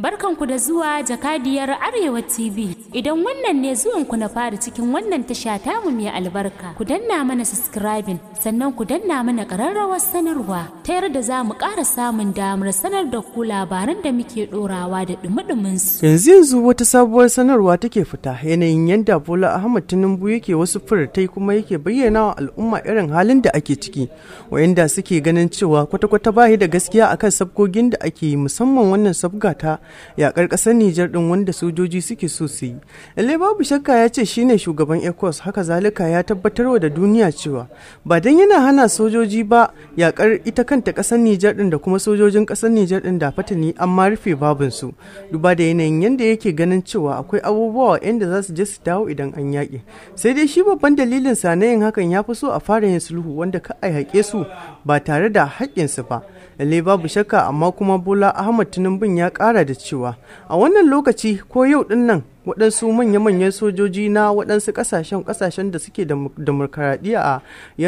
Barkanku da zuwa jakadiyar Arewa TV. Idan wannan ne zuwanku na fara cikin wannan tasha tamu mai albarka, ku danna mana subscribing sannan ku danna mana ƙararrawar sanarwa ta yarda za mu ƙara samun damar sanar da ku labaran da muke ɗorawa da ɗumi su. Yanzu yanzu wata sabuwar sanarwa take fita yanayin yadda Bola Ahmad Tinubu yake wasu furtai kuma yake bayyana wa al'umma irin halin da ake ciki, wayanda suke ganin cewa kwata-kwata bayi da gaskiya akan sabgogin da ake yi musamman wannan sabga ta Yaƙar ƙasar Nijar din wanda sojoji suke so su yi. Lalle babu shakka ya ce shine shugaban ECOWAS haka zalika ya tabbatar wa da duniya cewa ba dan yana hana sojoji ba yakar ita kanta kasar Nijar din da kuma sojojin kasar Nijar din da fata fatani amma rufe babin su. Duba da yanayin yanda yake ganin cewa akwai abubuwa inda za su je su dawo idan an yaƙi. Sai dai shi babban dalilin sa na yin hakan ya fi so a fara yin sulhu wanda ka a haƙe su ba tare da haƙƙinsu ba. Lalle babu shakka amma kuma Bola Ahmad Tinubu ya ƙara da cewa a wannan lokaci ko yau din nan waɗansu manya-manyan sojoji na waɗansu ƙasashen ƙasashen da suke murkaraɗiya a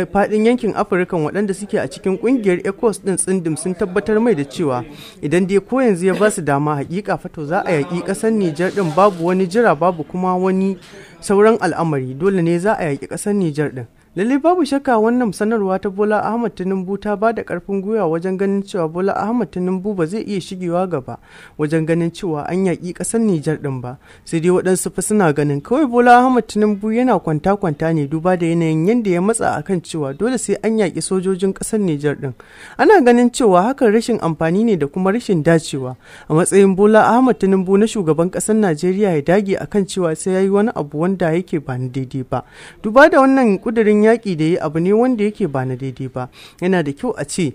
faɗin yankin afirka waɗanda suke a cikin ƙungiyar ecos ɗin tsindim sun tabbatar mai da cewa idan dai ko yanzu ya ba su dama haƙiƙa fato za a yaƙi ƙasar nijar ɗin babu wani jira babu kuma wani sauran al'amari dole ne za a yaƙi ƙasar nijar ɗin lallai babu shakka wannan sanarwa ta bola ahmad tinubu ta ba da karfin gwiwa wajen ganin cewa bola ahmad tinubu ba zai iya shigewa gaba wajen ganin cewa an yaƙi ƙasar nijar ɗin ba sai dai waɗansu fa suna ganin kawai bola ahmad tinubu yana kwanta kwanta ne duba da yanayin yadda ya matsa akan cewa dole sai an yaƙi sojojin ƙasar nijar ɗin ana ganin cewa hakan rashin amfani ne da kuma rashin dacewa a matsayin bola ahmad tinubu na shugaban ƙasar najeriya ya dage akan cewa sai ya yi wani abu wanda yake ba daidai ba duba da wannan ƙudurin yaƙi da yi abu ne wanda yake ba na daidai ba yana da kyau a ce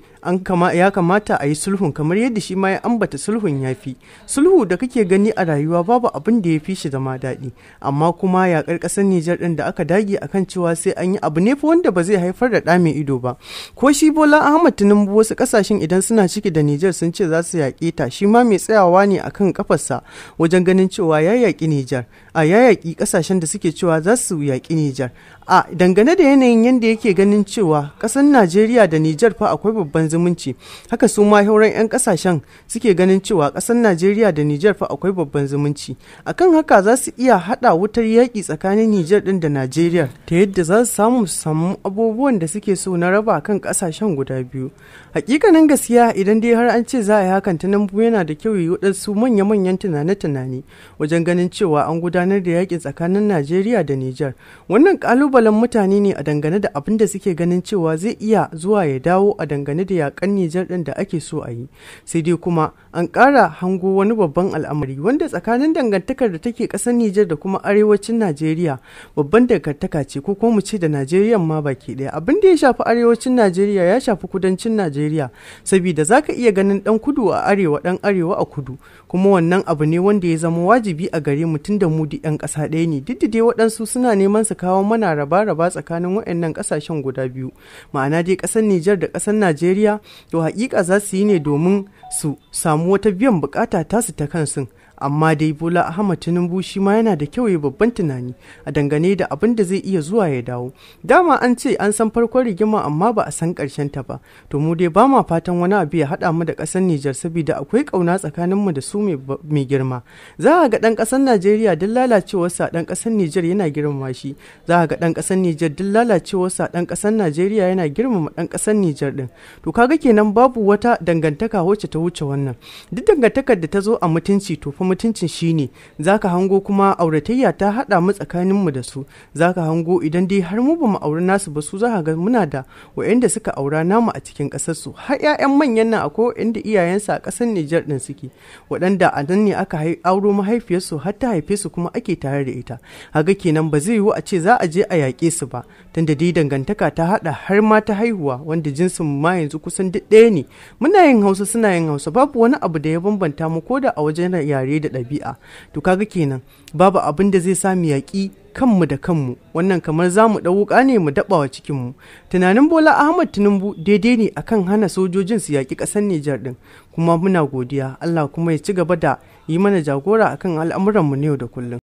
ya kamata a yi sulhun kamar yadda shi ma ya ambata sulhun ya fi sulhu da kake gani a rayuwa babu abin da ya fi shi zama daɗi amma kuma yaƙar ƙasar Nijar ɗin da aka dage akan cewa sai an yi abu ne fa wanda ba zai haifar da ɗa mai ido ba ko shi Bola Ahmad Tinubu wasu kasashen idan suna ciki da Nijar sun ce za su yaƙe ta shi ma mai tsayawa ne akan kafarsa wajen ganin cewa ya yaƙi Nijar a ya yaƙi ƙasashen da suke cewa za su yaƙi Nijar a dangane da yanayin yadda yake ganin cewa ƙasar najeriya da nijar fa akwai babban zumunci haka su ma hauren 'yan ƙasashen suke ganin cewa ƙasar najeriya da nijar fa akwai babban zumunci akan haka za su iya haɗa wutar yaƙi tsakanin nijar ɗin da najeriya ta yadda za su samu samu abubuwan da suke so na raba kan ƙasashen guda biyu hakikanin gaskiya idan dai har an ce za a yi hakan ta nan yana da kyau yi waɗansu manya-manyan tunane-tunane wajen ganin cewa an gudanar da yaƙin tsakanin najeriya da nijar wannan ƙalubalen mutane ne a dangane da abin da suke ganin cewa zai iya zuwa ya dawo a dangane da yakan Nijar ɗin da ake so a yi. Sai dai kuma an ƙara hango wani babban al'amari wanda tsakanin dangantakar da take ƙasar Nijar da kuma arewacin Najeriya babban dangantaka ce ko kuma mu ce da Najeriya ma baki ɗaya. Abin da ya shafi arewacin Najeriya ya shafi kudancin Najeriya saboda za ka iya ganin ɗan kudu a arewa ɗan arewa a kudu kuma wannan abu ne wanda ya zama wajibi a gare mu tun da mu 'yan ƙasa ɗaya ne duk da dai waɗansu suna neman su kawo mana raba-raba tsakanin waɗannan ƙasashen guda biyu ma'ana dai ƙasar Nijar da ƙasar Najeriya to haƙiƙa za su yi ne domin su samu wata biyan bukata tasu ta kansu amma dai bola ahmad tinubu shi ma yana da kyau ya babban tunani a dangane da abin da zai iya zuwa ya dawo dama an ce an san farkon rigima amma ba a san karshen ta ba to mu dai ba ma fatan wani abu ya haɗa mu da kasar nijar saboda akwai kauna tsakanin mu da su mai girma za a ga ɗan kasar najeriya duk lalacewarsa ɗan kasar nijar yana girmama shi za a ga ɗan kasar nijar duk lalacewarsa ɗan kasar najeriya yana girmama ɗan kasar nijar din to kaga kenan babu wata dangantaka wacce ta wuce wannan duk dangantakar da ta zo a mutunci to fa mutuncin shine zaka hango kuma auratayya ta hada mu tsakanin mu da su zaka hango idan dai har mu bamu aure nasu ba su za ga muna da wa'anda suka aura namu a cikin kasarsu har ƴaƴan manyan nan akwai inda iyayensu a ƙasar Nijar din suke waɗanda a nan ne aka auro mahaifiyarsu har ta haife su kuma ake tare da ita haga kenan ba zai yiwu a ce za a je a yaƙe su ba tunda dai dangantaka ta hada har ma ta haihuwa wanda jinsin ma yanzu kusan duk ɗaya ne muna yin hausa suna yin hausa babu wani abu da ya bambanta mu ko da a wajen yare halaye da ɗabi'a to kaga kenan babu abin da zai sa mu yaƙi kanmu da kanmu wannan kamar za mu ɗauka ne mu daɓa daɓawa cikinmu tunanin bola ahmad tinubu daidai ne akan hana sojojin su yaƙi ƙasar nijar ɗin kuma muna godiya allah kuma ya ci gaba da yi mana jagora akan al'amuranmu na yau da kullum